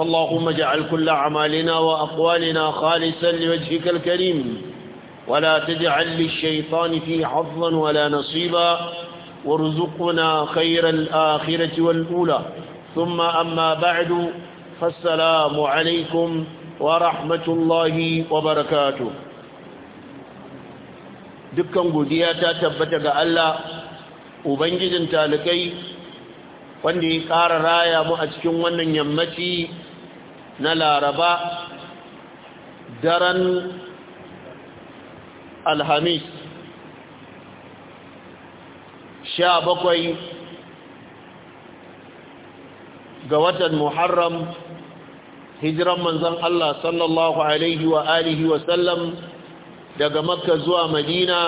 فاللهم اجعل كل أعمالنا وأقوالنا خالصا لوجهك الكريم ولا تجعل للشيطان في حظا ولا نصيبا وارزقنا خير الآخرة والأولى ثم أما بعد فالسلام عليكم ورحمة الله وبركاته دكا قدياتا تبتك ألا أبنجد تالكي wanda ya ƙara raya mu a cikin wannan yammaci na laraba daren alhamis sha bakwai ga watan muharram hijiran manzan Allah sallallahu alaihi wa alihi wa sallam daga makka zuwa madina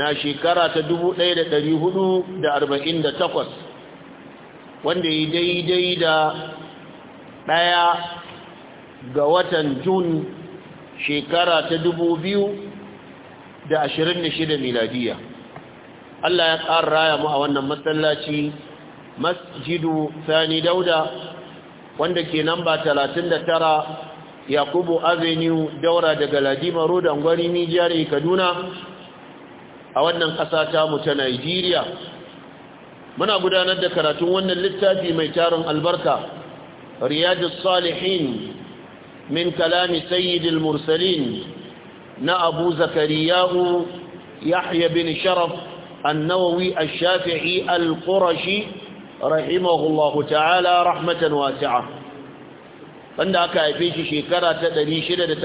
na shekara ta dubu ɗaya da da da ɗari 1448 wanda ya daidai da ɗaya ga watan jun shekara ta dubu biyu da ashirin da shida miladiya Allah ya ƙara raya mu a wannan matsalaci masjidu sani dauda wanda ke namba talatin da tara yakubu avenue daura daga ladima road angwari nijiyar kaduna a wannan ƙasa tamu ta nigeria muna gudanar da karatun wannan littafi mai tarin albarka رياض الصالحين من كلام سيد المرسلين نأبو زكرياه يحيى بن شرف النووي الشافعي القرشي رحمه الله تعالى رحمة واسعة wanda aka haife shi shekara ta 631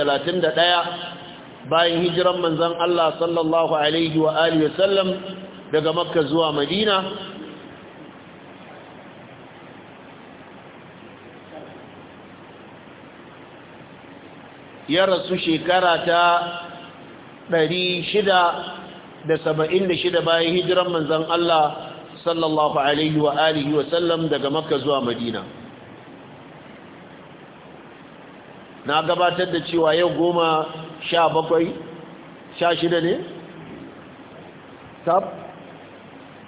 bayan hijiran manzon Allah sallallahu alaihi wa alihi daga Makka zuwa Madina ya rasu shekara ta 676 bayan hijiran manzan Allah sallallahu alaihi wa alihi wa sallam daga makka zuwa madina na gabatar da cewa yau goma sha bakwai sha shida ne? tab?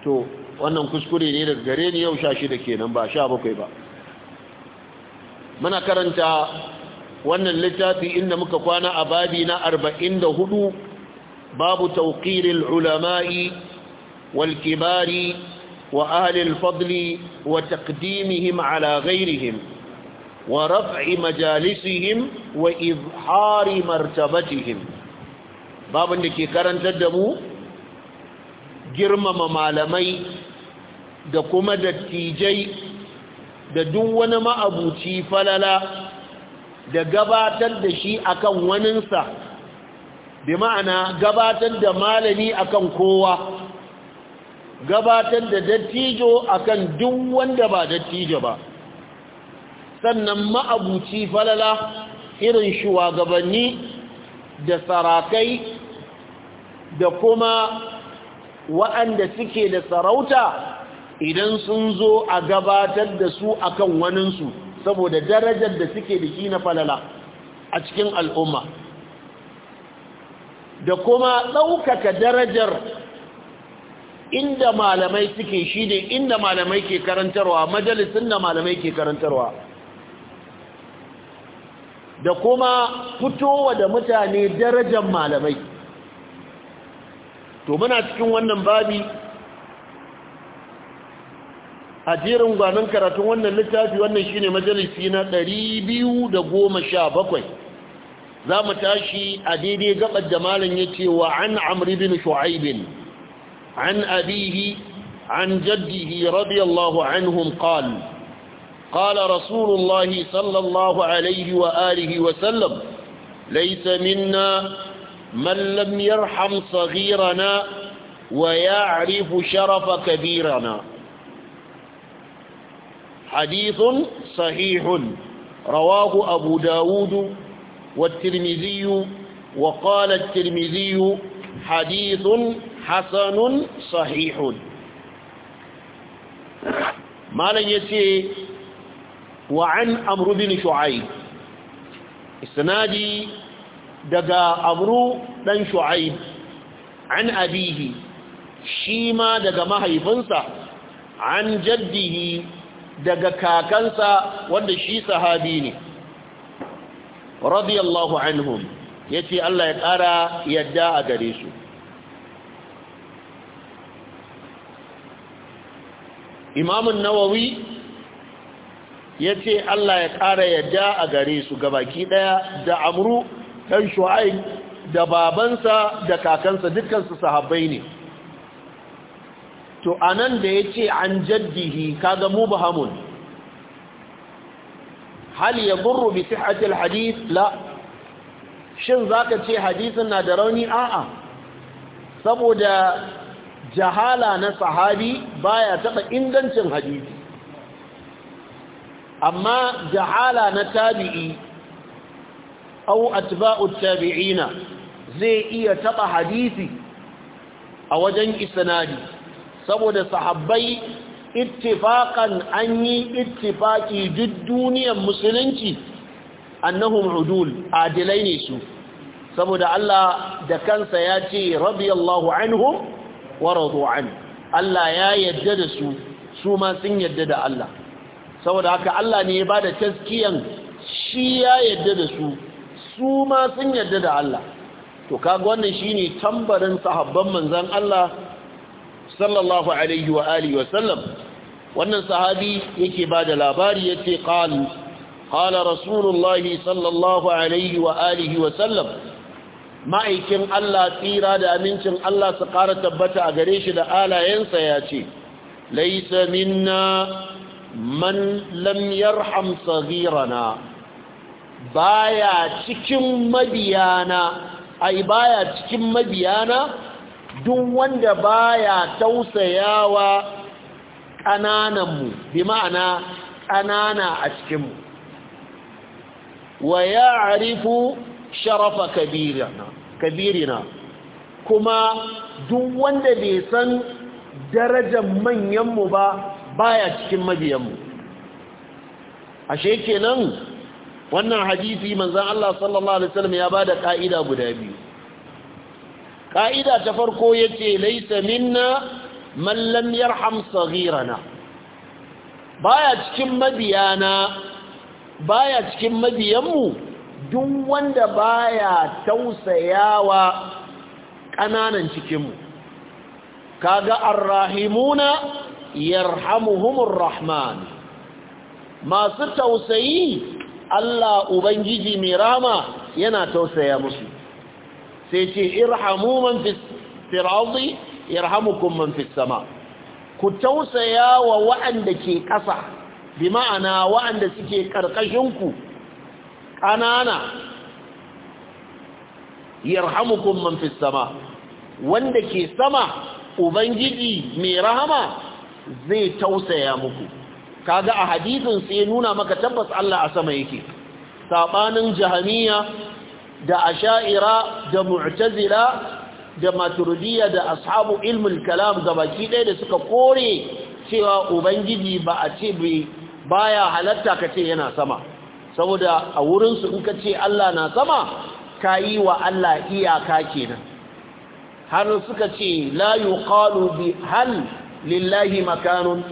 to wannan kuskure ne daga gare ni yau sha shida kenan ba sha bakwai ba muna karanta wannan littafi inda muka kwana a babi na 44 babu tawqiril ulama'i wal kibari wa ahli al-fadli wa taqdimihim ala ghayrihim wa raf'i majalisihim wa izhari martabatihim babin da ke karantar da mu girmama malamai da kuma dattijai da duk wani ma'abuci falala da gabatar da shi akan waninsa bi ma'ana gabatar da malami akan kowa gabatar da dattijo akan duk wanda ba dattijo ba sannan ma'abuci falala irin shugabanni da sarakai da kuma waɗanda suke da sarauta idan sun zo a gabatar da su akan waninsu saboda darajar da suke da shi na falala a cikin al'umma da kuma ɗaukaka darajar inda malamai suke shi ne inda malamai ke karantarwa majalisun da malamai ke karantarwa da kuma fitowa da mutane darajar malamai to muna cikin wannan babi a jirin gwanon karatun wannan littafi wannan shine majalisi na 217 za mu tashi a daidai gabar da malam ya ce wa an amri bin shu'aibin an abihi an jaddihi radiyallahu anhum qal qala rasulullahi sallallahu alaihi wa alihi wa sallam laysa minna man lam yarham saghirana wa ya'rifu sharafa kabirana حديث صحيح رواه أبو داود والترمذي وقال الترمذي حديث حسن صحيح ما لن يتي وعن أمر بن شعيب استنادي دقى أمر بن شعيب عن أبيه شيما دقى مهيفنسه عن جده daga kakansa wanda shi sahabi ne radiyallahu anhum yace Allah ya ƙara yadda a gare su Imam an-Nawawi yace Allah ya ƙara yadda a gare su gabaki ɗaya da Amru dan Shu'aib da babansa da kakansa dukkan su sahabbai ne to anan da ya ce an jaddihi kaga mu bahamun hal ya burru bi sihhatil hadith la shin zaka ce hadisin na da rauni a'a saboda jahala na sahabi baya taba ingancin hadisi amma jahala na tabi'i au atba'u tabi'ina zai iya taba hadisi a wajen isnadi saboda sahabbai ittifakan an yi ittifaki duk duniyar musulunci annahum udul adilai ne su saboda Allah da kansa ya ce radiyallahu anhum wa radu an Allah ya yadda da su su ma sun yadda da Allah saboda haka Allah ne ya bada taskiyan shi ya yadda da su su ma sun yadda da Allah to kaga wannan shine tambarin sahabban manzon Allah sallallahu alaihi wa alihi wa wannan sahabi yake ba da labari yace qal ƙala rasulullahi sallallahu alaihi wa alihi wa ma'aikin Allah tsira da amincin Allah su ƙara tabbata a gare shi da alayensa ya ce laisa minna man lam yarham baya cikin mabiyana ai baya cikin mabiyana duk wanda baya tausayawa mu bi ma'ana ƙanana a mu. wa ya arifu sharafa kabirina kuma duk wanda bai san darajar manyanmu ba baya cikin mabiyanmu ashe kenan wannan hadisi manzan Allah sallallahu Alaihi wasallam ya ba da ƙa'ida guda biyu ka'ida ta farko yace laisa minna man lam yarham saghirana baya cikin mabiyana baya cikin mabiyanmu duk wanda baya tausayawa ƙananan cikinmu kaga arrahimuna yarhamuhumur rahman masu tausayi Allah ubangiji mai rama yana tausaya musu sai ce irhamu man fi ardi yarhamukum man fi sama ku tausaya wa waɗanda ke ƙasa bi ma'ana waɗanda suke ƙarƙashin ku ƙanana yarhamukum man fi sama wanda ke sama ubangiji mai rahama zai tausaya muku kaga a hadisin sai nuna maka tabbas Allah a sama yake sabanin jahaniya. da asha'ira da mu'tazila da maturidiyya da ashabu ilmul kalam ga baki ɗaya da suka kore cewa ubangiji ba a ce baya halatta ka ce yana sama saboda a wurinsu in ka ce Allah na sama ka yi wa Allah iyaka kenan har suka ce la yuqalu bi hal lillahi makanun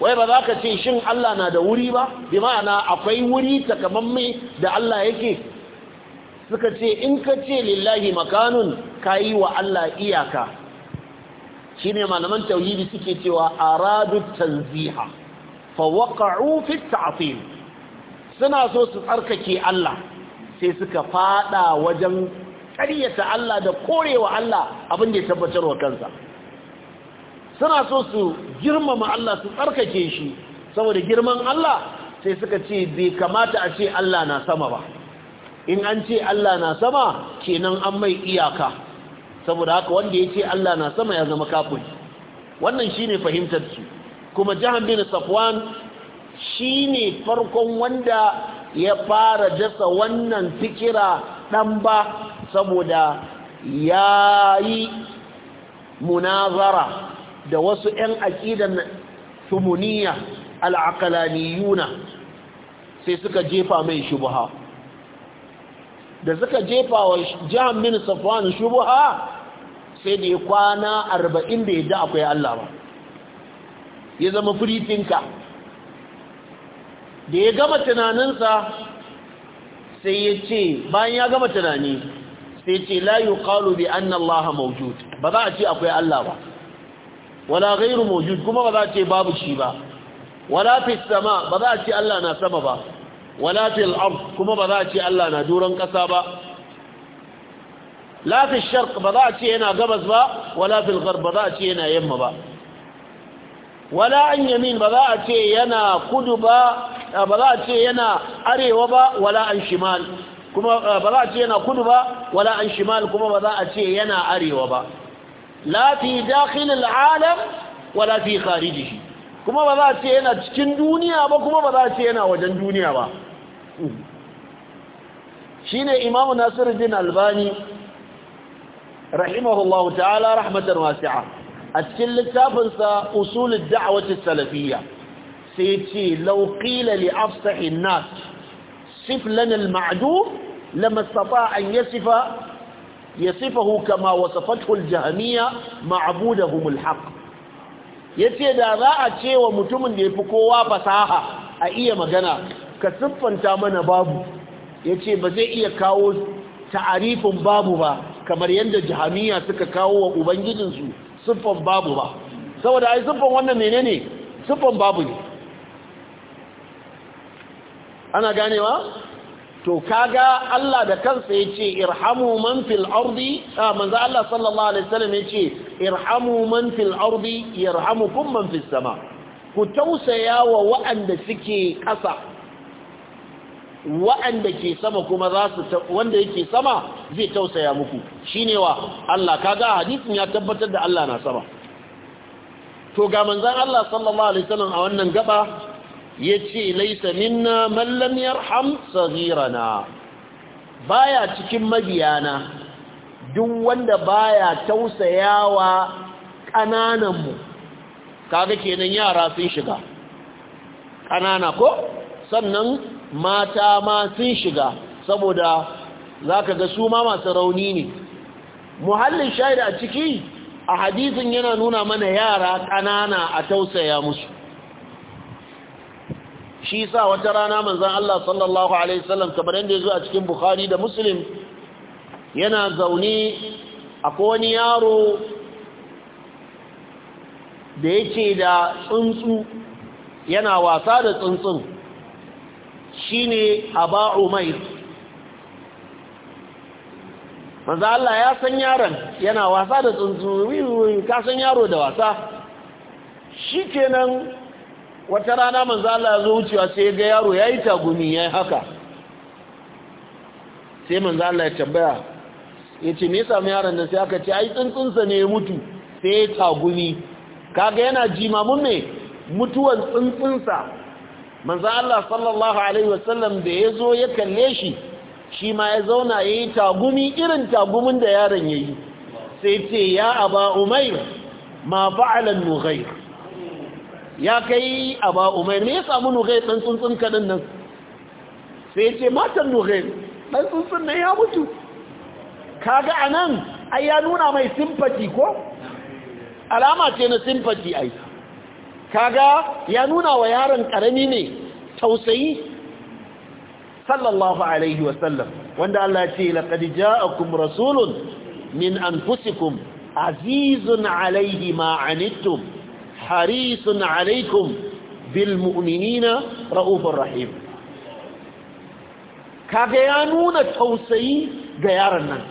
wai ba za ka ce shin Allah na da wuri ba bi ma'ana akwai wuri takamamme da Allah yake suka ce in ka ce lillahi makanun ka yi wa Allah iyaka shi ne malaman tauhidi suke cewa aradu tanziha fawaqa'u fi suna so su tsarkake Allah sai suka fada wajen karyata Allah da korewa Allah abin da ya tabbatar wa kansa suna so su girmama Allah su tsarkake shi saboda girman Allah sai suka ce bai kamata a ce Allah na sama ba in an ce Allah na sama kenan an mai iyaka saboda haka wanda ya ce Allah na sama ya zama kafin. wannan shine fahimtar su kuma Jahan bin Safwan shine farkon wanda ya fara dasa wannan fikira dan ba saboda yi munazara da wasu 'yan aqidan sumuniya al sai suka jefa mai shubha da suka jefa wa jihar min safwan shubuha sai da ya kwana arba'in da ya ji akwai Allah ba ya zama firifinka da ya gama tunaninsa sai ya ce bayan ya gama tunani sai ce layu kalu bi an Allah maujud ba za a ce akwai Allah ba wala gairu maujud kuma ba za a ce babu shi ba wala fi sama ba za a ce Allah na sama ba wala fil ard kuma ba za a ce Allah na duran kasa ba la fil sharq ba za a ce yana gabas ba wala fil gharb ba za a ce yana yamma ba wala an yamin ba za a ce yana kudu ba ba za a ce yana arewa ba wala an shimal kuma ba za a ce yana kudu ba wala an shimal kuma ba za a ce yana arewa ba la fi dakhil al-alam wala fi kharijihi kuma ba za ce yana cikin duniya ba kuma ba za ce yana wajen duniya ba shi ne imamu nasiruddin albani rahimahullahu ta'ala rahmatar wasi'a a cikin littafinsa usulun da'awacin salafiyya sai ce lauƙila li afsahin nas sif lanar ma'adu lamastafa an yasifa yasifahu kama wasafatul jahamiya ma'abudahumul haqq ya ce da za a ce wa mutumin da ya fi kowa fasaha a iya magana ka siffanta mana babu ya ce ba zai iya kawo ta'arifin babu ba kamar yadda jihamiya suka kawo wa ubangijinsu siffan babu ba saboda ai siffan wannan menene siffan babu ne ana ganewa to kaga Allah da kansa ya ce irhamu man fil ardi manzo Allah sallallahu alaihi wasallam ce irhamu man fil ardi yarhamukum man fis sama ku tausaya wa wa'anda suke kasa wa'anda ke sama kuma za su wanda yake sama zai tausaya muku shine wa Allah kaga hadisin ya tabbatar da Allah na sama to ga manzon Allah sallallahu alaihi wasallam a wannan gaba ya ce laisa minna mallam yarham Ba baya cikin mabiyana duk wanda baya tausayawa ƙanananmu kaga kenan yara sun shiga ƙanana ko sannan mata ma sun shiga saboda za ka ga su ma masu rauni ne muhallin shaida a ciki a hadisin yana nuna mana yara ƙanana a tausaya musu shi sa wata rana manzan Allah sallallahu Alaihi wasallam kamar yadda ya zo a cikin Bukhari da Musulun yana zaune a wani yaro da yake da tsuntsu yana wasa da tsuntsun shi ne aba Mai. manzan Allah ya san yaron yana wasa da tsuntsu ka san yaro da wasa shi kenan wata rana manzo Allah ya zo wucewa sai ga yaro yayi tagumi yayi haka sai manzo Allah ya tambaya yace me yasa yaron nan sai aka ce ai tsuntsunsa ne ya mutu sai ya tagumi kaga yana mun ne mutuwan tsuntsunsa manzo Allah sallallahu alaihi wasallam da yazo ya kalle shi shi ma ya zauna yayi tagumi irin tagumin da yaron yayi sai ce ya aba umayr ma fa'ala nughayr ya kai aba umair me ya samu nugai ɗan tsuntsun kadin nan sai ya ce matan nugai ɗan tsuntsun nan ya mutu kaga anan ai ya nuna mai simfati ko alama ce na simfati ai kaga ya nuna wa yaron ƙarami ne tausayi sallallahu alaihi wasallam wanda Allah ce laqad ja'akum rasulun min anfusikum azizun alaihi ma anittum harisun alaikum bil mu'minina ra'ufur rahim kaga ya nuna tausayi ga yaran nan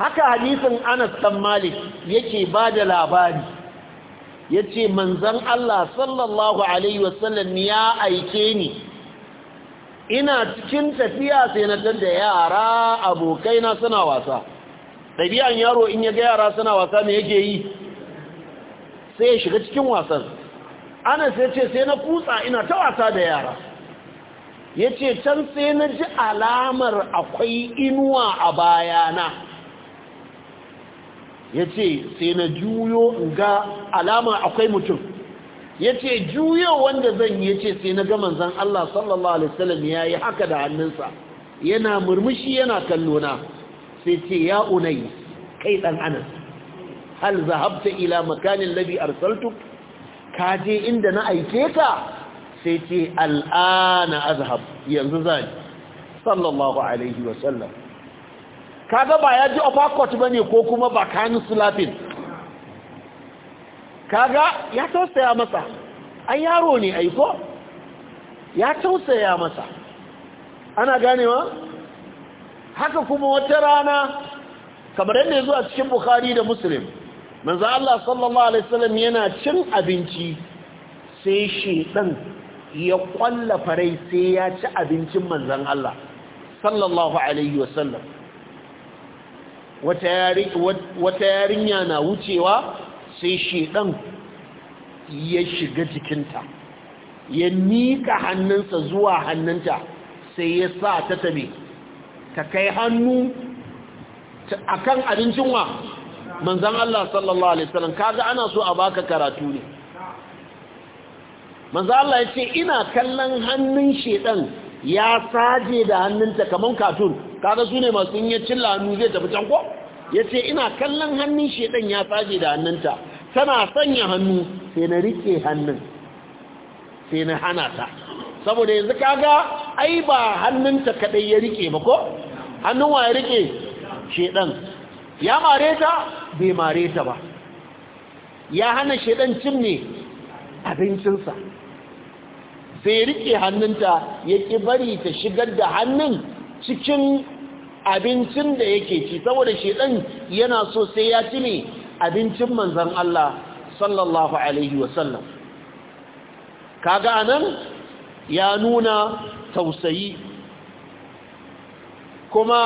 haka hadisin Anas dan Malik yake bada labari yace manzon Allah sallallahu alaihi wasallam ya aike ni ina cikin tafiya sai na tada yara abokaina suna wasa ɗabi'an yaro in ya ga yara suna wasa ne yake yi sai ya shiga cikin wasan ana sai ce sai na kutsa ina ta wasa da yara ya ce can sai na ji alamar akwai inuwa a bayana ya ce sai na juyo ga alamar akwai mutum ya ce juyo wanda zan yi ya ce sai na ga zan Allah sallallahu Alaihi wasallam ya yi haka da hannunsa yana murmushi yana kallona sai ce ya unai kai dan anas hal zahabta ila makanin ladhi arsaltuk ka je inda na aike ka sai ce al'ana azhab yanzu zan sallallahu alaihi wa sallam kaga ba ya ji offer bane ko kuma ba kanu sulafin kaga ya tausaya masa an yaro ne aiko ya tausaya masa ana ganewa haka kuma wata rana kamar yadda ya cikin bukhari da muslim manzan Allah sallallahu alaihi wasallam yana cin abinci sai shedan ya kwalla farai sai ya ci abincin manzan Allah sallallahu alaihi wasallam wata yarinya na wucewa sai shedan ya shiga jikinta ya nika hannunsa zuwa hannunta sai ya sa ta tabe ka kai hannu a kan abincin wa manzan Allah sallallahu alaihi wasallam kaga ana so a baka karatu ne manzan Allah ya ce ina kallon hannun shedan ya saje da hannunta kamar katun kaga su ne masu yin cilla hannu zai tafi can ko ya ce ina kallon hannun shedan ya saje da hannunta tana sanya hannu sai na rike hannun sai na hana ta saboda yanzu kaga ai ba hannunta kadai ya rike ba ko hannun wa ya rike shedan ya mare ta bai mare ta ba ya hana shedan cin ne abincinsa sai rike hannunta ya ƙi bari ta shigar da hannun cikin abincin da yake ci saboda shedan yana so sai ya ci ne abincin manzan Allah sallallahu alaihi wasallam kaga anan ya nuna tausayi kuma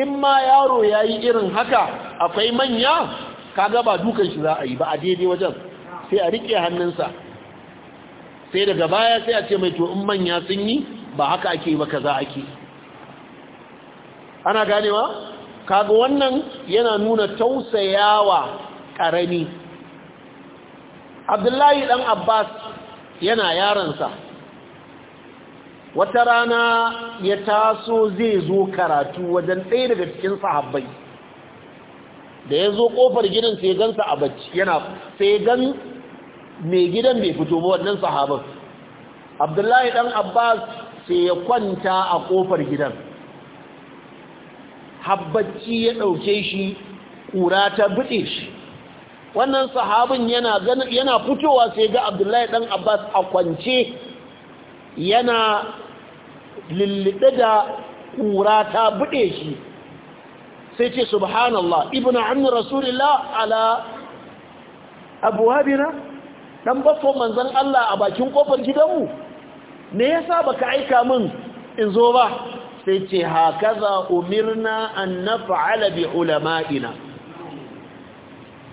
in ma yaro ya yi irin haka akwai manya kaga ba dukan shi za a yi ba a daidai wajen sai a riƙe hannunsa sai daga baya sai a ce mai to in manya sun yi ba haka ake ba kaza ake ana ganewa kaga wannan yana nuna tausayawa ƙarami abdullahi ɗan abbas yana yaransa wata rana ya taso zai zo karatu wajen ɗaya daga cikin sahabbai da ya zo ƙofar gidan sai gansa a bacci yana sai gan mai gidan bai fito ba wannan sahabar abdullahi ɗan abbas sai ya kwanta a ƙofar gidan habbacci ya ɗauke shi ƙura ta buɗe shi wannan sahabin yana fitowa sai ga abdullahi ɗan abbas a kwance yana lullube da ƙura ta buɗe shi sai ce subhanallah ibn ammi rasulillah ala abuwabina dan baffo manzan Allah a bakin ƙofar gidanmu me yasa ka aika min in zo ba sai ce hakaza umirna an fa’ala bi ulama'ina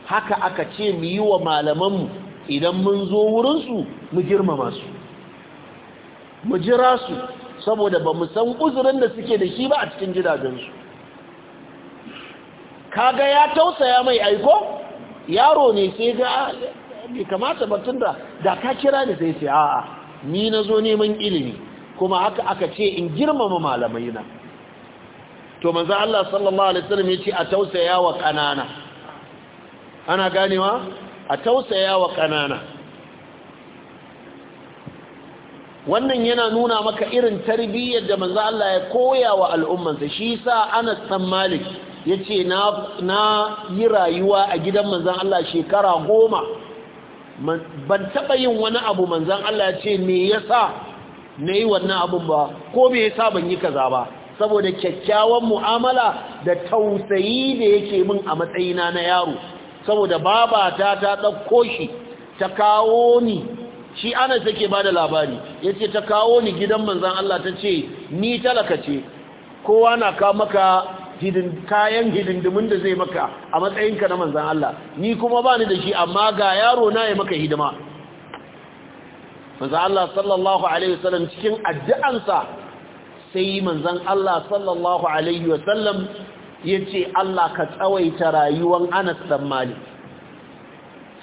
haka aka ce mu yi wa malamanmu idan mun zo wurinsu mu girmama su mu jira su saboda ba mu san uzurin da suke da shi ba a cikin gidajensu kaga ya tausaya mai aiko yaro ne sai ga ah, bai kamata batun da da ka kira ni sai sai a'a ni na zo neman ilimi kuma haka aka ce in girmama malamai na to manzo Allah sallallahu alaihi wasallam yace a tausaya wa kanana ana ganewa a tausaya wa kanana wannan yana nuna maka irin tarbiyyar da manzo Allah ya koya wa al'ummansa shi sa Anas dan Malik yace na na yi rayuwa a gidan manzo Allah shekara goma ban taba yin wani abu manzo Allah yace me yasa nayi wannan abun ba ko me yasa ban yi kaza ba saboda kyakkyawan mu'amala da tausayi da yake min a matsayina na yaro saboda babata ta dauko shi ta kawo ni shi anas take ba da labari ya ce ta kawo ni gidan manzan Allah ta ce ni talaka ce kowa na ka maka kayan hidindimin da zai maka a matsayinka na manzan Allah ni kuma ba ni da shi amma ga yaro na ya maka hidima manzan Allah sallallahu alaihi wasallam cikin addu'ansa sai manzan Allah sallallahu alaihi wasallam ya ce Allah ka tsawaita rayuwan anas dan mali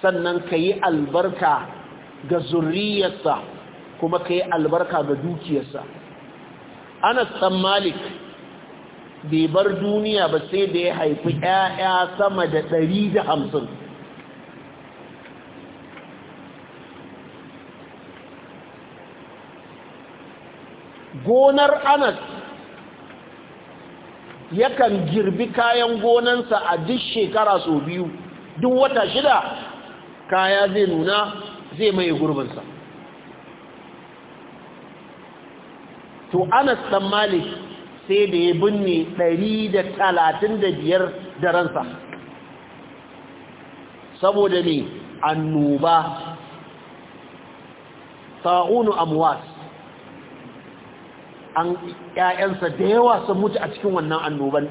sannan ka yi albarka ga zurriyarsa kuma ka yi albarka ga dukiyarsa anas ɗan malik bai bar duniya ba sai da ya haifi 'ya'ya sama da ɗari da hamsin. gonar anas yakan girbi kayan gonansa a duk shekara sau biyu duk wata shida kaya zai nuna zai maye gurbinsa to anas dan malik sai da ya binne 135 da ransa saboda ne annoba sa'unu amwas an ƴaƴansa da yawa sun mutu a cikin wannan annoban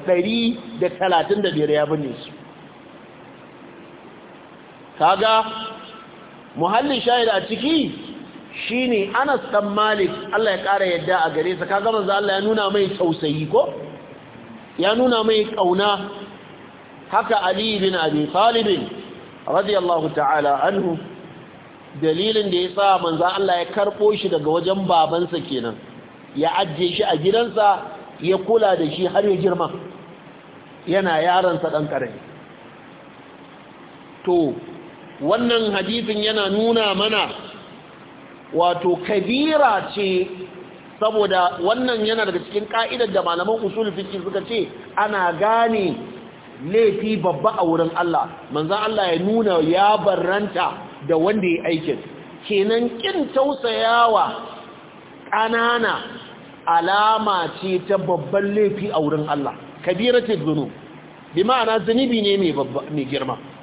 biyar ya binne su kaga muhallin shahid a ciki shine Anas dan Malik Allah ya kara yadda a gare sa kaga manzo Allah ya nuna mai tausayi ko ya nuna mai kauna haka Ali bin Abi Talib radiyallahu ta'ala anhu dalilin da yasa manzo Allah ya karbo shi daga wajen babansa kenan ya ajje shi a gidansa ya kula da shi har ya girma yana yaransa dan karami to wannan hadithin yana nuna mana wato kabira ce saboda wannan yana daga cikin ka'idar da malaman usul fiqh suka ce ana gane laifi babba a wurin Allah manzon Allah ya nuna ya barranta da wanda ya aikin kenan kin tausayawa ƙanana alama ce ta babban laifi a wurin Allah kabiratul dhunub bi ma'ana zunubi ne mai girma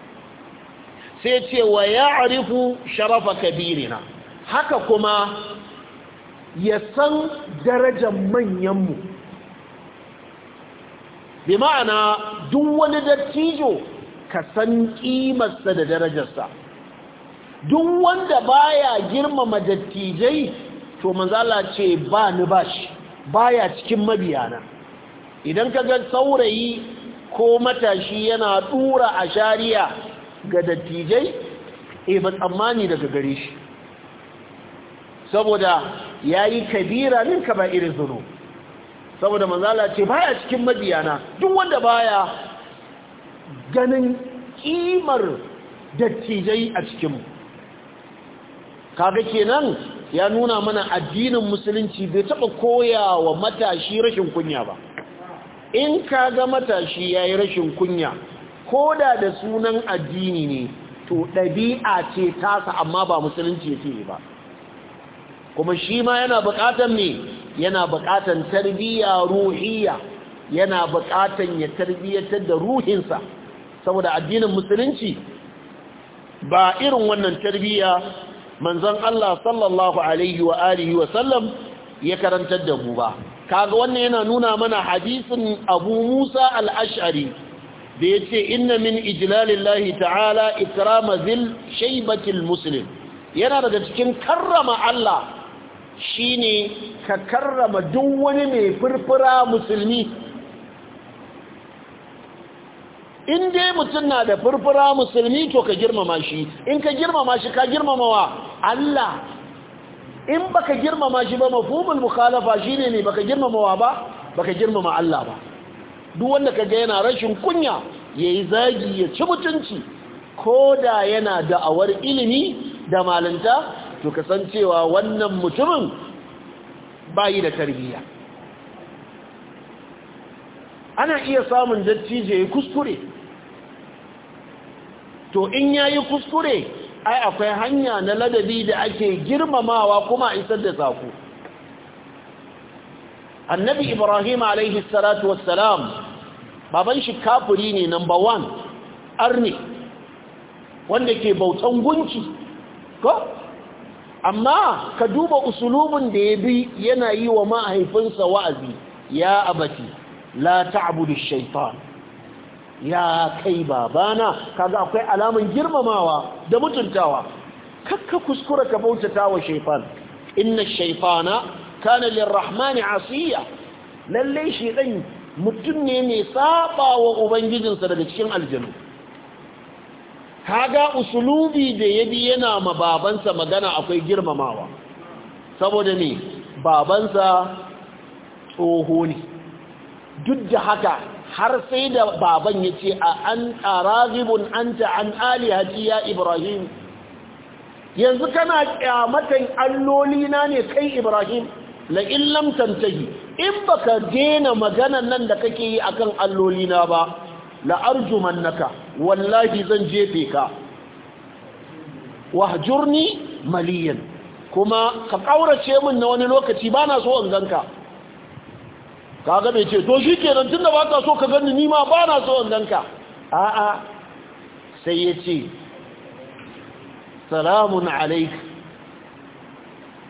sai ce wa ya arifu sharafa kabirina haka kuma ya san darajar manyanmu bi ma'ana duk wani dattijo ka san kimarsa da darajarsa duk wanda baya girmama dattijai to manzala ce ba ni Ba baya cikin mabiyana idan ka ga saurayi ko matashi yana dura a shari'a ga dattijai e ba tsammani daga gare shi saboda ya yi kabira min ba irin zuru saboda manzala ce baya cikin mabiyana duk wanda baya ganin kimar dattijai a cikinmu kaga kenan ya nuna mana addinin musulunci bai taba koya wa matashi rashin kunya ba in ka ga matashi ya yi rashin kunya koda da sunan addini ne to ɗabi'a ce tasa amma ba musulunci yake ba kuma shi ma yana buƙatar ne yana buƙatar tarbiyya ruhiyya yana buƙatar ya tarbiyyatar da ruhinsa saboda addinin musulunci ba irin wannan tarbiyya manzon Allah sallallahu alaihi wa alihi wa sallam ya karantar da mu ba kaga wannan yana nuna mana hadisin Abu Musa al-Ash'ari da ya ce inna min ijlalillahi ta'ala ikrama zil shaibatil musulun yana daga cikin karrama Allah ne ka karrama duk wani mai furfura musulmi in dai mutum na da furfura musulmi to ka girmama shi in ka girmama shi ka girmama wa Allah in baka girmama shi ba mafhumul mukhalafa shine ne baka girmama wa ba baka girmama Allah ba duk wanda kaga yana rashin kunya ya yi zagi ya ci mutunci ko da yana da'awar ilimi da malanta to kasancewa wannan mutumin bayi da tarbiyya ana iya samun dattijo ya kuskure to in yayi kuskure ai akwai hanya na ladabi da ake girmamawa kuma isar da sako annabi ibrahim alaihi salatu wassalam baban shi kafuri ne number one arni. wanda ke bautan gunki ko amma ka duba usulubin da ya bi yana yi wa mahaifinsa wa'azi ya abati la ta'budu shaitan ya kai babana kaga akwai alaman girmamawa da mutuntawa kakka kuskura ka bautata wa shaitan inna na. kana lirrahmani asiya lalle shi dan mutum ne mai saba ubangijinsa daga cikin aljanu kaga usulubi da yabi yana ma babansa magana akwai girmamawa saboda ne babansa tsoho ne duk da haka har sai da baban ya ce a an aragibun anta an alihati ya ibrahim yanzu kana kyamatan allolina ne kai ibrahim la illam tantahi in baka daina maganan nan da kake yi akan alloli na ba la arjumannaka wallahi zan jefe ka wahjurni maliyan kuma ka kaurace min na wani lokaci bana so in ganka kaga me ce to shikenan tunda ba ka so ka ganni ni ma bana so in ganka a'a sai yace salamun alayka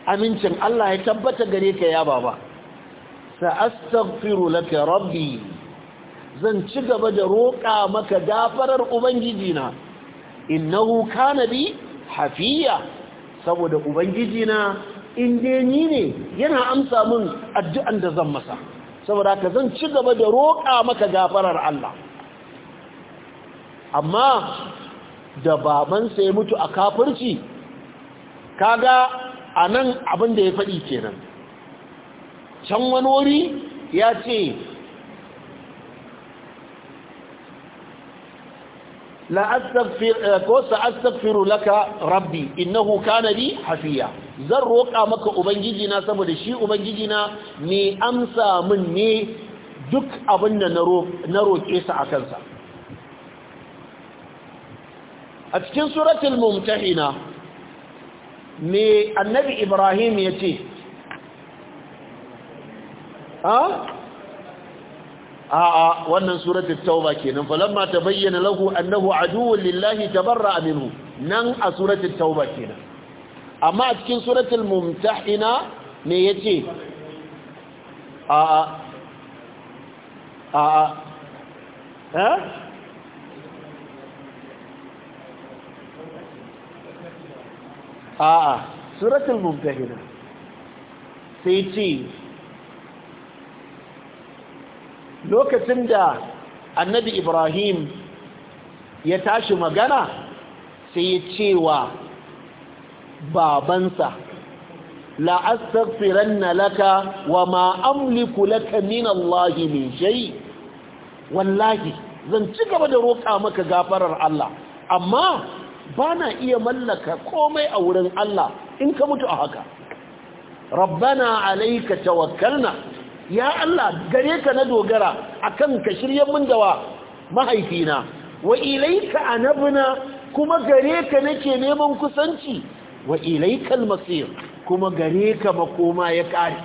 amincin Allah ya tabbata gare ka ya baba astaghfiru laka rabbi zan ci gaba da roƙa maka gafarar ubangiji na innahu kana bi hafiya saboda ubangiji na in ni ne yana amsa min addu'an da zan masa saboda ka zan ci gaba da roƙa maka gafarar Allah amma da baban sai mutu a kafirci kaga a nan abin da ya faɗi kenan can wani wuri ya ce eh, ko sa'astaghfiru laka rabbi innahu kana bi hafiya zan roƙa maka ubangiji na saboda shi ubangiji na ne amsa min ne duk abin da na roƙe sa a kansa a cikin suratul mumtahina me annabi ibrahim ya ce ha a'a wannan suratul tauba kenan falamma tabayyana lahu annahu aduwwun lillahi tabarra'a minhu nan a suratul tauba kenan amma a cikin suratul mumtahina me yace a'a a'a ha a'a suratul mumtahina sai ce lokacin da annabi ibrahim ya tashi magana sai ya cewa babansa babansa la'astaghfiranna laka wa ma amliku laka min Allah min wallahi zan ci gaba da roƙa maka gafarar Allah amma ba na iya mallaka komai a wurin Allah in ka mutu a haka rabbana alaika tawakkalna ya Allah gare ka na dogara akan ka shirya mun dawa mahaifina wa ilaika anabna kuma gare ka nake neman kusanci wa ilaika almasir kuma gare ka makoma ya kare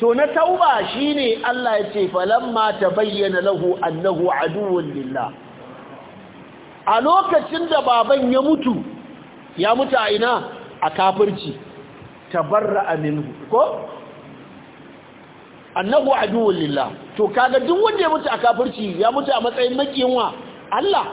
to na tauba shine Allah ya ce falamma tabayyana lahu annahu aduwwun lillah a lokacin da baban ya mutu ya mutu a ina a kafirci tabarra aminu ko annahu aduwwul lillah to kaga duk wanda ya mutu a kafirci ya mutu a matsayin makiyinwa Allah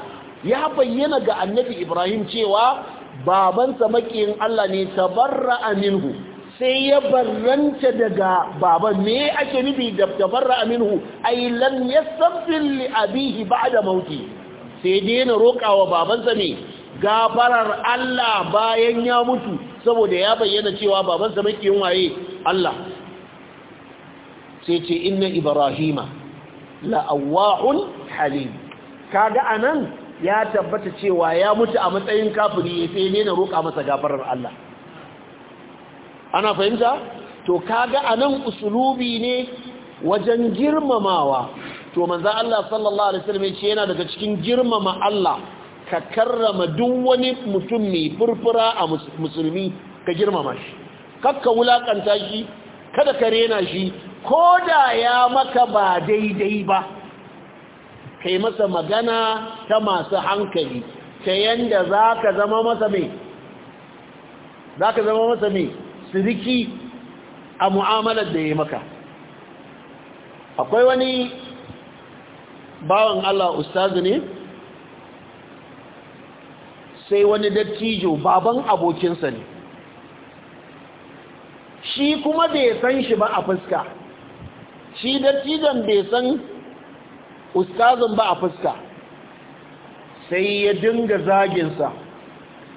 ya bayyana ga annabi Ibrahim cewa babansa makiyin Allah ne tabarra minhu sai ya barranta daga baban me ake nufi da tabarra minhu ay lam sabbin li abihi ba'da mauti sai dai na roƙa wa babansa ne gafarar Allah bayan ya mutu saboda ya bayyana cewa babansa yin waye Allah sai ce inna ibrahima la'awahun halim kaga anan ya tabbata cewa ya mutu a matsayin kafiri sai dai na roƙa masa gafarar Allah ana fahimta to kaga anan usulubi ne wajen girmamawa to manzo Allah sallallahu alaihi wasallam yace yana daga cikin girmama Allah ka karrama duk wani mutum mai furfura a musulmi ka girmama shi kakka wulakanta shi kada ka rena shi ko da ya maka ba daidai ba kai masa magana ta masu hankali ta yanda za ka zama masa mai za ka zama masa mai siriki a mu'amalar da ya maka akwai wani bawan Allah ustazu ne sai wani dattijo baban abokinsa ne shi kuma bai san shi ba a fuska shi dattijon bai san ustazun ba a fuska sai ya dinga zaginsa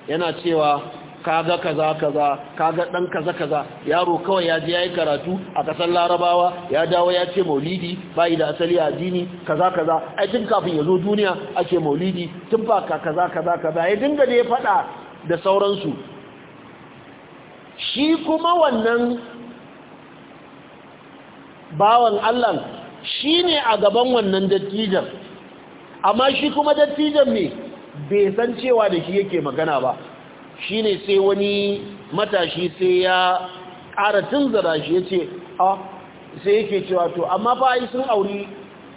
yana cewa kaga kaza kaza kaga dan kaza kaza yaro kawai ya je yayi karatu a kasar Larabawa ya dawo ya ce maulidi bai da asali addini kaza kaza ai tun kafin ya zo duniya ake maulidi tun ba ka kaza kaza kaza ya dinga da ya fada da sauransu shi kuma wannan bawan Allah ne a gaban wannan dattijan amma shi kuma dattijan ne bai san cewa da shi yake magana ba Shi ne sai wani matashi sai ya ƙara zara shi ya ce a sai yake cewa to amma fa yi sun auri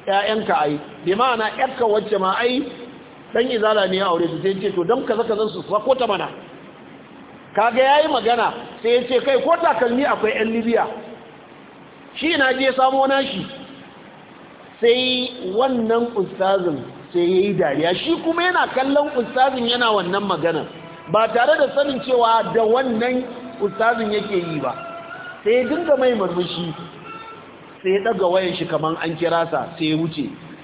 ‘ya'yanka ai bi ma'ana ‘yarka wacce ma ai ɗan izala ne ya aure su sai ce to don kaza kaza su sako ta mana kaga ya yi magana sai ya ce kai ko takalmi akwai ‘yan libya shi na je samo nashi sai wannan ustazin sai ya yi dariya shi kuma yana kallon ustazin yana wannan maganar ba tare da sanin cewa da wannan ustazin yake yi ba sai ya dinga mai murmushi sai ya daga wayan shi kaman an kira sa sai ya wuce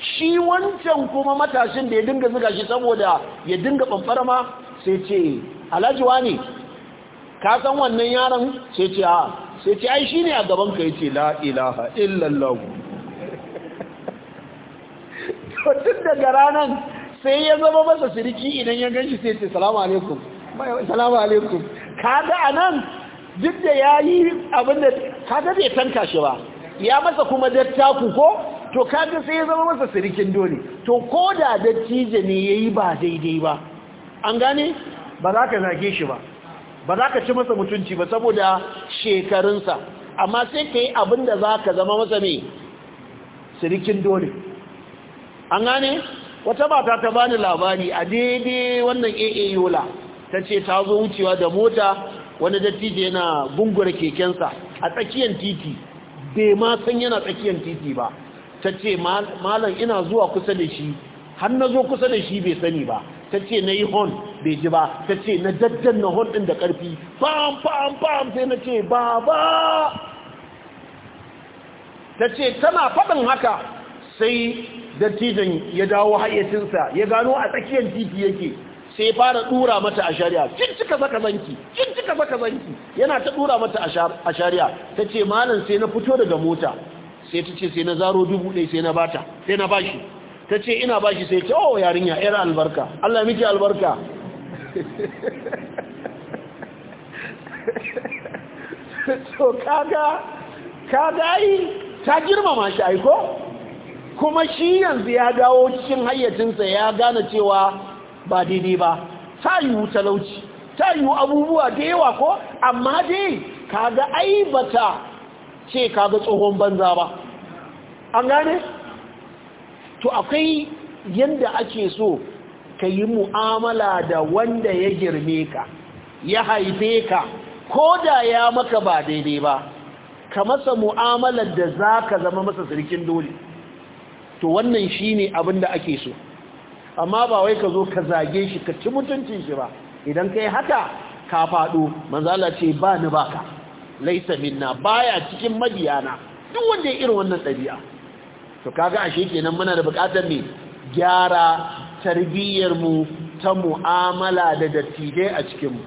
shi wancan kuma matashin da ya dinga zuga shi saboda ya dinga bamfarma sai ce alhaji ne? ka san wannan yaron sai ce a sai ce ai shine a gaban ka yace la ilaha illallah to tun daga ranan sai ya zama masa siriki idan ya ganshi sai ce salamu alaikum salamu alaikum kaga anan duk da ya yayi abin da kaga tanka shi ba ya masa kuma dattaku ko to ga sai ya zama masa sirikin dole to ko da dattija ne ya yi ba daidai ba an gane ba za ka zage shi ba ba za ka ci masa mutunci ba saboda shekarunsa amma sai ka yi abin da za ka zama masa mai sirikin dole an gane wata mata ta bani labari a daidai wannan aa yola ta ce ta zo wucewa da mota wani dattijo yana gungura kekensa a tsakiyar titi bai ma san yana tsakiyar titi ba ta ce malam ina zuwa kusa da shi har na zo kusa da shi bai sani ba ta ce na yi hon bai ji ba ta ce na daddan na hon ɗin da ƙarfi fam fam fam sai na ce ba ba ta ce tana faɗin haka sai dattijon ya dawo hayyacinsa ya gano a tsakiyar titi yake sai fara dura mata a shari'a kin cika saka zanki kin cika saka zanki yana ta dura mata a shari'a Ta ce malam sai na fito daga mota sai ta ce sai na zaro dubu ɗaya sai na bata sai na bashi ce ina bashi sai ce oh yarinya yar albarka Allah miki albarka to kaga kaga yi ta girmama shi aiko kuma shi yanzu ya dawo cikin hayyacinsa ya gane cewa ba daidai ba ta yiwu talauci ta yiwu abubuwa da yawa ko amma dai kaga ai bata ce kaga tsohon banza ba an gane to akwai yadda ake so ka yi mu'amala da wanda ya girme ka ya haife ka ko da ya maka ba daidai ba ka masa mu'amalar da za ka zama masa sirkin dole to wannan shi ne abin da ake so amma ba wai ka zo ka zage shi ka ci mutuncin shi ba idan kai haka ka faɗo manzala ce ba ni baka laisa minna baya cikin mabiyana duk wanda ya irin wannan ɗabi'a to kaga ashe kenan muna da buƙatar ne gyara tarbiyyar mu ta mu'amala da dattijai a cikin mu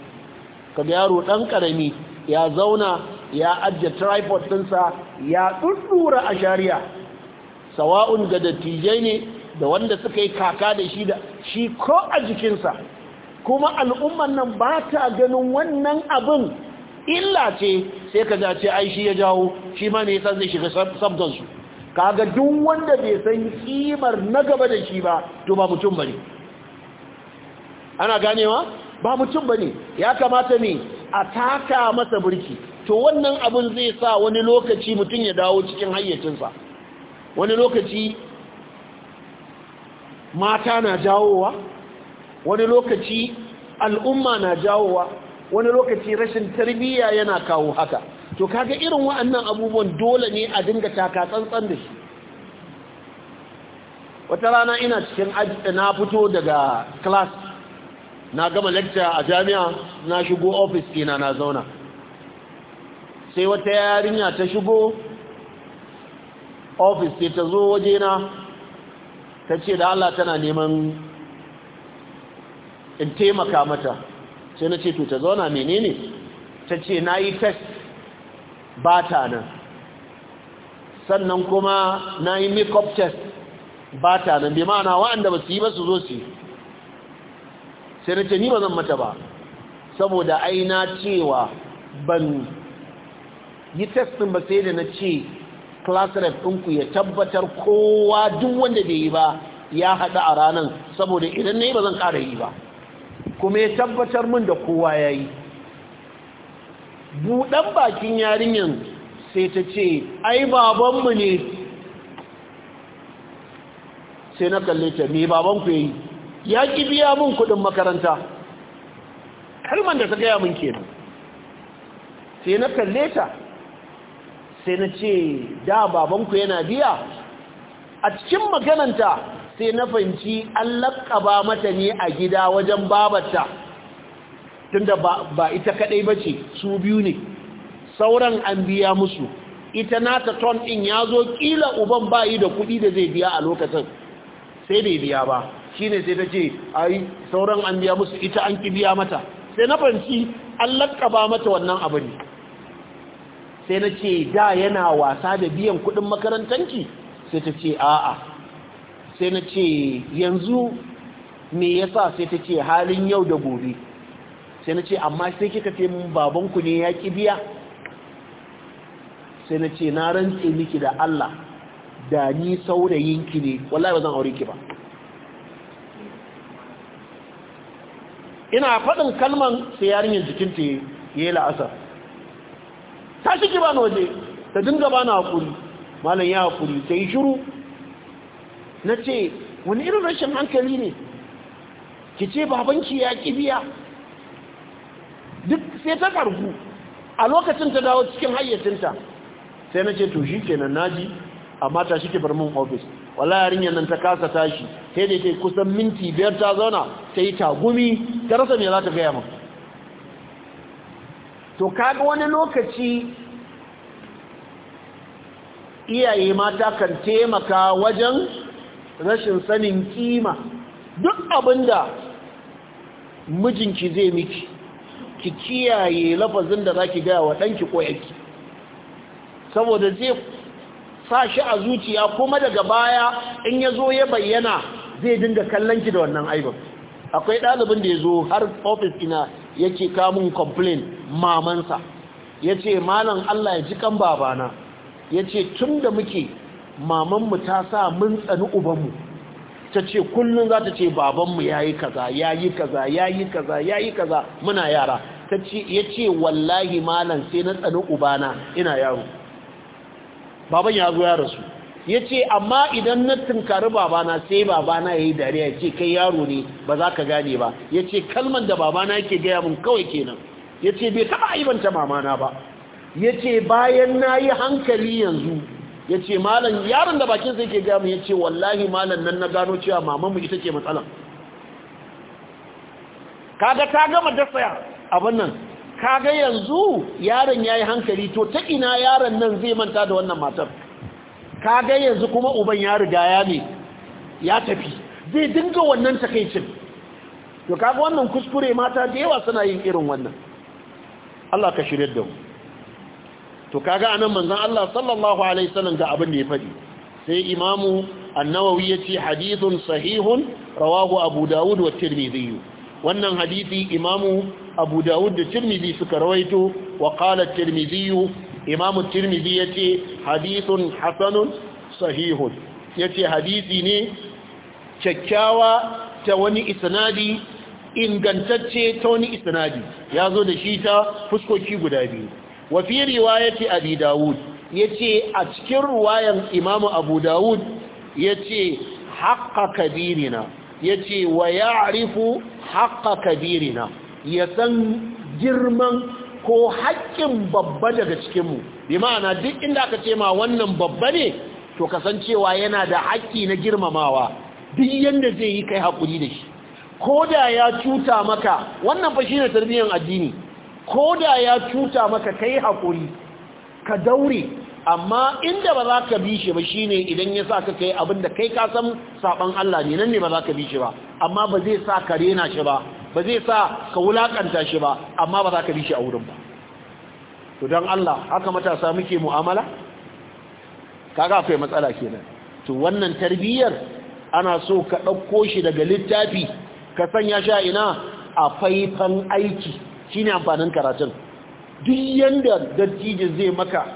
ga yaro dan karami ya zauna ya ajje tripod ɗinsa ya duddura a shari'a sawa'un ga dattijai ne da wanda suka yi kaka da shi da shi ko a jikinsa kuma al'umman nan ba ta ganin wannan abin illa ce sai ka zace ai shi ya jawo shi ma ne san zai shiga sabdansu kaga duk wanda bai san kimar na gaba da shi ba to ba mutum bane ana ganewa ba mutum bane ya kamata ne a taka masa burki to wannan abin zai sa wani lokaci mutum ya dawo cikin hayyacinsa wani lokaci mata na jawowa wani lokaci al'umma na jawowa wani lokaci rashin tarbiyya yana kawo haka to kaga irin wa'annan abubuwan dole ne a dinga taka tsantsan da shi wata rana ina cikin na fito daga class na gama lecture a jami'a na shigo office ke na zauna sai wata yarinya ta shigo office sai ta zo waje na. ta ce da Allah tana neman in taimaka mata sai na ce to ta zauna menene ta ce na yi test ba ta nan sannan kuma na yi makeup test ba ta nan bai ma'ana wa'anda ba su yi ba su zo su sai na ce ni ba zan mata ba saboda aina cewa ban yi testin ba sai da na ce class rep ɗinku ya tabbatar kowa duk wanda bai yi ba ya haɗu a ranar saboda idan na yi ba zan ƙara yi ba kuma ya tabbatar min da kowa ya yi buɗan bakin yarinyar sai ta ce ai babanmu ne sai na kalle ta me babanku ya yi ya ƙi biya min kuɗin makaranta kalman da ta gaya min ke sai na kalle ta sai na ce da babanku yana biya a cikin magananta sai na fahimci an laƙaba mata ne a gida wajen babarta tunda ba ita kaɗai ba ce su biyu ne sauran an biya musu ita nata ton ɗin ya zo ƙila uban bayi da kuɗi da zai biya a lokacin sai bai biya ba shi ne sai ta ce a yi sauran an biya musu ita an ki biya mata sai na fahimci an laƙaba mata wannan abu sai na ce da yana wasa da biyan kudin makarantanki sai ta ce a'a sai na ce yanzu me yasa sai ta ce halin yau da gobe sai na ce amma sai kika ce mun babanku ne ya ki biya sai na ce na rantse miki da Allah da ni saurayinki ne wallahi ba zan aure ki ba ina faɗin kalman sai yarinyar jikinta yayi yi la'asar ta shi ki bani waje ta dinga bani hakuri malam ya hakuri ta yi shiru na ce wani irin rashin hankali ne ki ce babanki ya ki biya duk sai ta karbu a lokacin ta dawo cikin hayyacinta sai na ce to shi kenan naji amma ta shi ki bar mun ofis wala yarinyar nan ta kasa tashi sai da ke kusan minti biyar ta zauna ta yi tagumi ta rasa me za ta gaya mun to kaga wani lokaci iyaye mata kan taimaka wajen rashin sanin kima duk abinda mijinki zai miki ki kiyaye lafazin da zaki gaya wa ɗanki koyaki saboda zai sa shi a zuciya kuma daga baya in ya zo ya bayyana zai dinga kallon ki da wannan aibin akwai ɗalibin da ya zo har ofis ina yake kamun complain mamansa ya ce malam Allah ya ji kan babana ya ce tun da muke mamanmu ta sa mun tsani ubanmu ta ce kullum za ta ce babanmu ya yi kaza ya yi kaza ya yi kaza ya yi kaza muna yara ya ce wallahi malam sai na tsani ubana ina yaro baban ya zo ya rasu ya ce amma idan na tunkari babana sai babana ya yi dariya ce kai yaro ne ba za ka gane ba ya ce kalman da babana yake gaya mun kawai kenan ya ce bai taɓa aibanta mamana ba ya ce bayan na yi hankali yanzu ya ce malam yaron da bakin sai ke gaya mun ya ce wallahi malam nan na gano cewa mamanmu ita ce matsala. kaga ta gama dasa abin nan kaga yanzu yaron ya yi hankali to ta ina yaron nan zai manta da wannan matar Ka ga yanzu kuma uban ya riga ya ne ya tafi zai dinga wannan takaicin to kaga wannan kuskure mata da yawa suna yin irin wannan Allah ka shirye da mu to kaga anan manzon Allah sallallahu alaihi wasallam ga abin da ya faɗi sai imamu annawawi yace hadithun sahihun rawahu abu daud wa tirmidhi wannan hadisi imamu abu daud da tirmidhi suka rawaito wa qala tirmidhi imamu tirmidhi ya ce hadithun hasanun sahihun ya ce ne kyakkyawa ta wani isnadi ingantacce ta wani isnadi ya zo da shi ta fuskoki guda biyu wafi riwayati abi dawud ya ce a cikin riwayan imamu abu dawud ya ce haƙa kabirina ya ce wa ya arifu haƙa kabirina ya san girman ko haƙƙin babba daga cikinmu bi ma'ana duk inda aka ce ma wannan babba ne to kasancewa yana da haƙƙi na girmamawa duk yadda zai yi kai haƙuri da shi ko da ya cuta maka wannan fa shine tarbiyyar addini ko da ya cuta maka kai haƙuri ka daure amma inda ba za ka bi shi ba shine idan ya sa ka kai abin da kai ka san saban Allah ne nan ne ba za ka bi shi ba amma ba zai sa ka rena shi ba ba zai sa ka wulakanta shi ba amma ba za ka bi shi a wurin ba to don Allah haka matasa muke mu'amala kaga akwai matsala kenan to wannan tarbiyyar ana so ka ɗauko shi daga littafi ka sanya sha ina a faifan aiki shine amfanin karatun duk yanda dattijo zai maka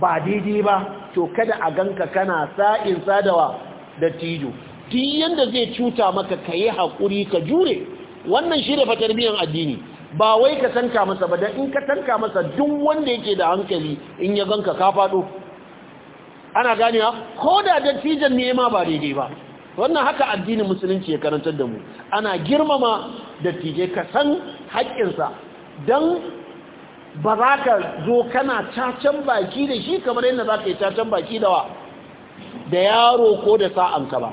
ba daidai ba to kada a ganka kana sa'in sadawa dattijo duk yanda zai cuta maka ka yi haƙuri ka jure wannan shi ne fa addini ba wai ka tanka masa ba da in ka tanka masa duk wanda yake da hankali in ya ganka ka faɗo ana ganewa ko da dattijan ne ma ba daidai ba wannan haka addinin musulunci ya karantar da mu ana girmama dattijai ka san haƙƙinsa don ba za ka zo kana cacan baki da shi kamar yadda za ka yi cacen baki da wa da yaro ko da sa'anka ba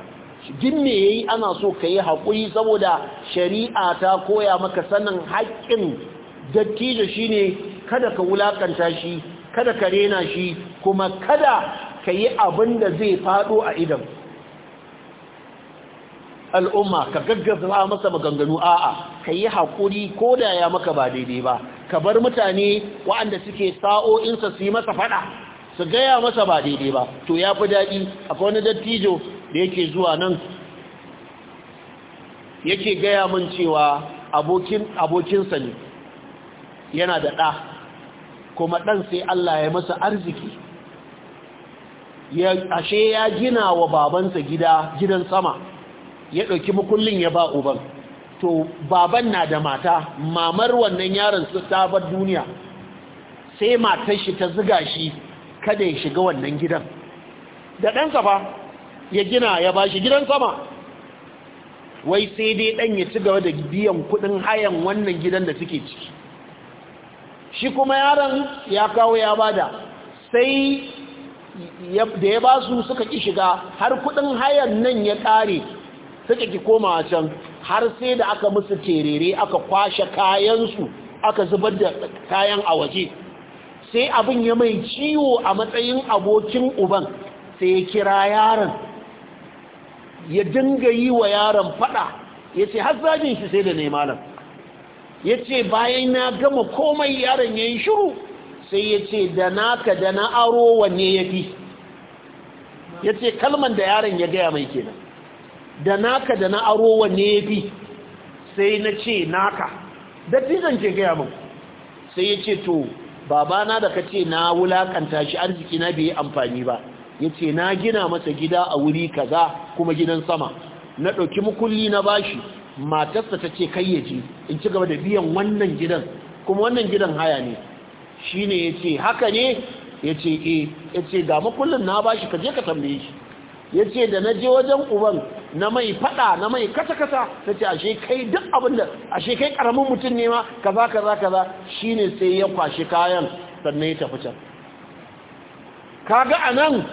duk me yayi ana so ka yi haƙuri saboda shari'a ta koya maka sanin haƙƙin dattijo shine kada ka wulakanta shi kada ka rena shi kuma kada ka yi abin da zai fado a idan al'umma ka gaggaza masa maganganu a'a ka yi haƙuri ko da ya maka ba daidai ba ka bar mutane waɗanda suke sa'o'insa su yi masa faɗa su gaya masa ba daidai ba to ya fi daɗi akwai wani dattijo da yake zuwa nan yake gaya min cewa abokinsa ne yana da ɗa kuma ɗan sai Allah ya masa arziki ashe ya gina wa babansa gida gidan sama ya ɗauki makullin ya ba uban to baban na da mata mamar wannan yaron su sabar duniya sai matar shi ta ziga shi kada ya shiga wannan gidan da ɗansa fa ya gina ya ba shi gidan sama wai sai dai ɗan ya ci gaba da biyan kudin hayan wannan gidan da suke ciki shi kuma yaron ya kawo ya bada sai da ya ba su suka ki shiga har kudin hayan nan ya ɗare suka ki koma can har sai da aka musu terere aka kwashe kayansu aka zubar da kayan a waje sai abin ya mai ciwo a matsayin abokin uban sai ya kira yaron ya dinga yi wa yaron fada ya ce har zagin shi sai da ne malam ya ce bayan na gama komai yaron ya yi shiru sai ya ce da naka da na aro wanne ya fi ya ce kalman da yaron ya gaya mai kenan da naka da na aro wanne ya fi sai na ce naka da tizan ke gaya mai sai ya ce to babana da ka ce na wulakanta shi arziki na bai amfani ba yace na gina masa gida a wuri kaza kuma gidan sama na ɗauki mukulli na bashi matarsa ta ce kai yaji in ci gaba da biyan wannan gidan kuma wannan gidan haya ne shine ce haka ne ya ce yace eh. ya ce ga mukullin na bashi ka je ka tambaye shi ya ce da na je wajen uban na mai fada na mai kasa-kasa ta ce ashe kai duk abinda ashe kai karamin mutum ne ma kaza kaza kaza shine sai ya kwashe kayan sannan ya tafi can kaga anan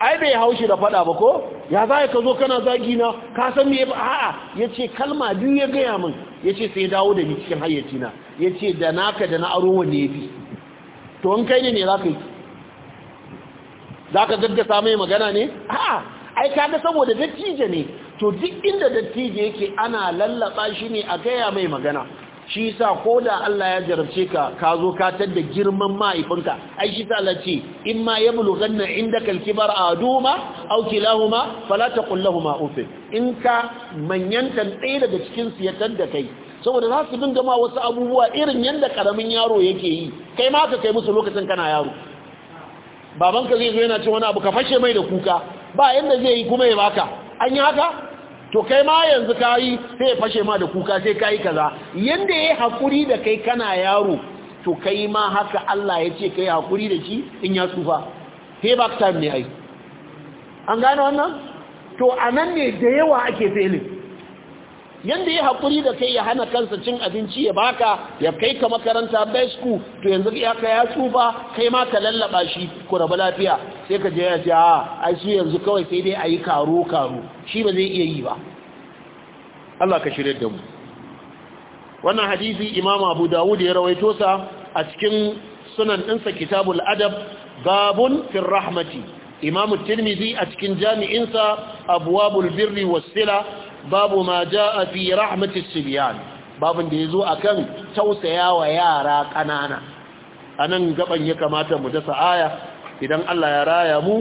ai bai haushi da fada ba ko ya za ka zo kana zagi na ka san me ba a'a yace kalma duk ya gaya min yace sai dawo da ni cikin hayyaci na yace da naka da na aro wanne yafi to in kai ne me zaka yi zaka gaggasa mai magana ne a'a ai ga saboda dattijo ne to duk inda dattijo yake ana lallaba shi ne a gaya mai magana shi yasa ko da Allah ya jarabce ka ka zo ka tadda girman mahaifinka ai shi Allah ce in ma yablughanna indaka al-kibar aduma aw kilahuma fala taqul lahumu uf in ka manyantan ɗaya daga cikin su ya tadda kai saboda za su dinga ma wasu abubuwa irin yanda karamin yaro yake yi kai ma ka kai musu lokacin kana yaro babanka zai zo yana ce wani abu ka fashe mai da kuka ba yanda zai yi kuma ya baka an yi haka to kai ma yanzu ka yi sai fashe ma da kuka sai ka yi kaza yanda ya hakuri da kai kana yaro to kai ma haka Allah ya ce kai hakuri da shi in ya tsufa payback time ne ai an gane wannan to anan ne da yawa ake failing yanda ya hakuri da kai ya hana kansa cin abinci ya baka ya kai ka makaranta bai to yanzu ya ka ya tsufa kai ma ka lallaba shi ku rabu lafiya sai ka je ya ce a ai su yanzu kawai sai dai a yi karo karo shi ba zai iya yi ba Allah ka shirya da mu wannan hadisi imam abu dawud ya rawaito sa a cikin sunan ɗinsa kitabul adab babun fil rahmati imam tirmidhi a cikin jami'insa abwabul birri was sila babu ma ja a fi rahmatis sibyan babun da ya zo a kan tausaya wa yara ƙanana. A nan gaban ya kamata mu dasa aya idan Allah ya raya mu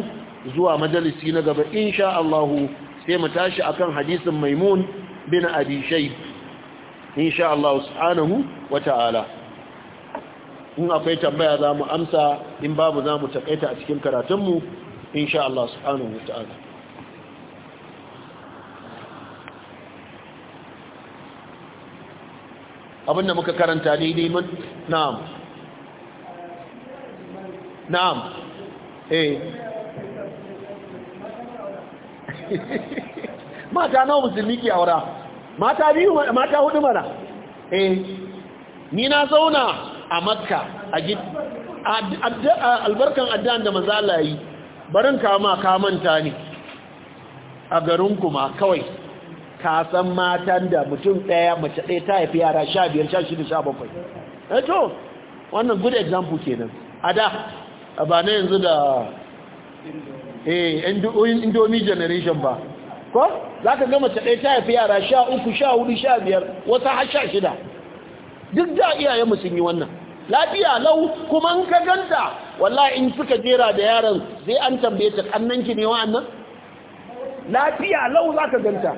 zuwa majalisi na gaba insha Allah sai mu tashi a kan hadisin Maimun bin Abishai. insha Allah subhanahu wata'ala in akwai tambaya za mu amsa in babu za mu takaita a cikin karatunmu insha Allah subhanahu wata'ala abinda muka karanta daidai mun na'am na'am eh mata nawa musulmi ke aura mata biyu mata hudu mana eh ni na zauna a makka a albarkan addan da maza Allah barin kama kamanta ne a garin kuma kawai ka san matan da mutum ɗaya mace ɗaya ta haifi yara sha biyar sha shida sha bakwai eto eh wannan good example kenan a da ba na yanzu da eh, indomi generation ba ko za ka gama ta ɗaya ta haifi yara sha uku sha hudu sha biyar wata har sha shida duk da iyayen mu sun yi wannan lafiya lau kuma ka ganta wallahi in suka jera da yaron sai an tambaye ta kannanki ne wa'annan lafiya lau za ka ganta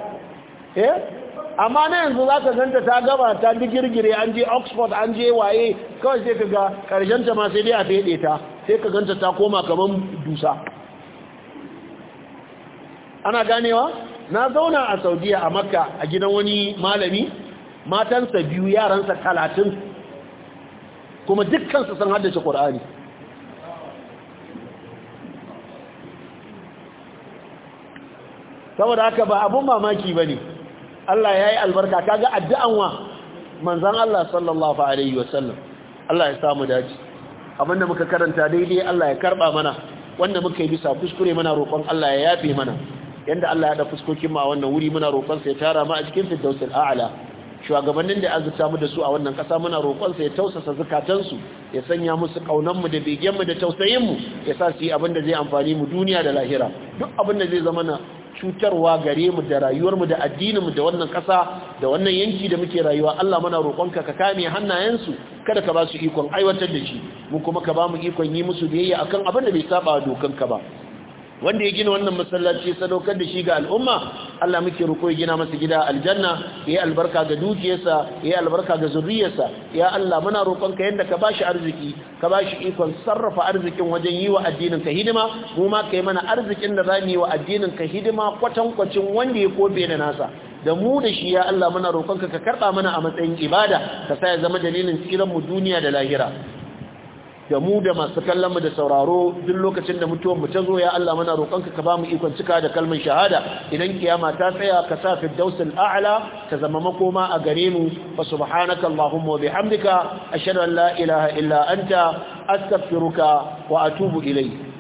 eh amma na yanzu za ka ganta ta gaba ta girgire an je oxford an je waye kawai sai ka ga karshen ta ma sai dai a fede ta sai ka ganta ta koma kamar dusa ana ganewa na zauna a saudiya a makka a gidan wani malami matansa biyu yaransa talatin kuma dukkansu sun haddace ƙorari saboda haka ba abin mamaki ba ne Allah ya yi albarka ta ga addu'an wa manzan Allah sallallahu Alaihi wasallam Allah ya samu daji abinda muka karanta daidai Allah ya karba mana wanda muka yi bisa kuskure mana roƙon Allah ya yafe mana Yadda Allah ya da fuskokin mu wannan wuri muna roƙon ya tara mu a cikin fiddausar a'la shugabannin da zuta mu da su a wannan ƙasa muna roƙon ya tausasa zukatansu ya sanya musu kaunan da begen da tausayin mu ya sa su yi abin da zai amfani mu duniya da lahira duk abin da zai zama na cutarwa gare mu da rayuwarmu da addinin mu da wannan ƙasa da wannan yanki da muke rayuwa Allah muna roƙonka ka kame hannayensu kada ka ba su ikon aiwatar da shi mu kuma ka ba mu ikon yi musu biyayya akan abin da bai saba ka ba wanda ya gina wannan masallaci sadaukar da shi ga al'umma Allah muke roko ya gina masa gida aljanna ya albarka ga dukiyarsa ya albarka ga zuriyarsa ya Allah muna roƙon ka yanda ka bashi arziki ka bashi ikon sarrafa arzikin wajen yi wa addinin ka hidima mu ma kai mana arzikin da zamu yi wa addinin ka hidima kwatankwacin wanda ya kobe da nasa da mu da shi ya Allah muna roƙon ka ka karba mana a matsayin ibada ka sa ya zama dalilin tsiran mu duniya da lahira da mu da masu kallon mu da sauraro duk lokacin da mutuwar mu ta zo ya Allah muna roƙonka ka ba mu ikon cika da kalmar shahada idan kiyama ta tsaya ka sa firdausul a'la ta zama makoma a gare mu fa subhanaka allahumma wa bihamdika ashhadu an la ilaha illa anta astaghfiruka wa atubu ilayk